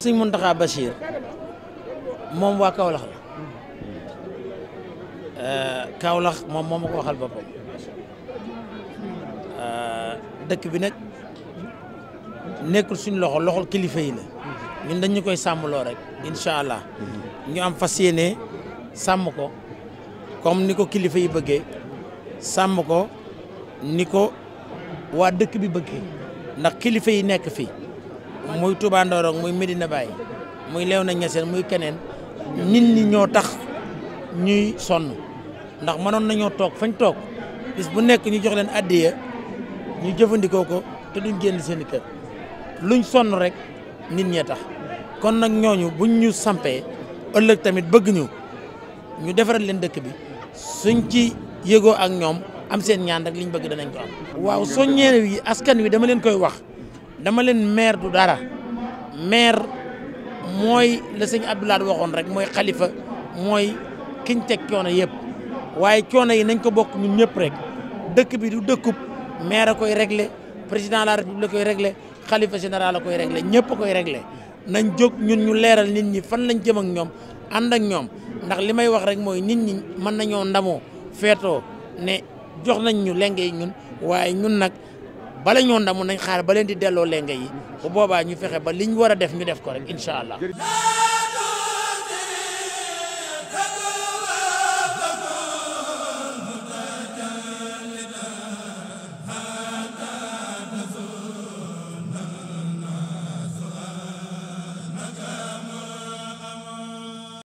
si sëñ Muntaxa Bachir moom waa Kaolack la euh, Kaolack moom moom ma ko waxal boppam euh, dëkk bi nag nekkul suñu loxo loxol kilifa yi la ñun dañu koy sàmmloo rek incha allah ñu am fas yéene sàmm ko comme ni ko kilifa yi bëggee sàmm ko ni ko waa dëkk bi bëggee ndax kilifa yi nekk fii muy Touba Ndorong muy Medina Baye muy na Niassène muy keneen nit ñi ñoo tax ñuy sonn ndax mënoon nañoo toog fañ toog bis bu nekk ñu jox leen addiya ñu jëfandikoo ko te duñ génn seen kër luñ sonn rek nit ñee tax kon nag ñooñu buñ ñu sampee ëllëg tamit bëgg ñu ñu defaral leen dëkk bi suñ ci yëgoo ak ñoom am seen ñaan rek liñ bëgg danañ ko waaw soññeen wi askan wi dama leen koy wax. dama leen maire du dara maire mooy la sëñ Abdoulaye waxoon rek mooy xalifa mooy kiñ teg coono yëpp waaye coono yi nañ ko bokk ñun ñëpp rek dëkk bi du dëkkub maire a koy réglé président de la république la koy réglé xalifa général la koy réglé ñëpp a koy réglé nañ jóg ñun ñu leeral nit ñi fan lañ jëm ak ñoom ànd ak ñoom ndax li may wax rek mooy nit ñi mën nañoo ndamoo feetoo ne jox nañ ñu lenge yi ñun waaye ñun nag bala ñoo mun nañ xaar ba leen di delloo lenge yi bu boobaa ñu fexe ba liñ war a def ñu def ko rek incha allah.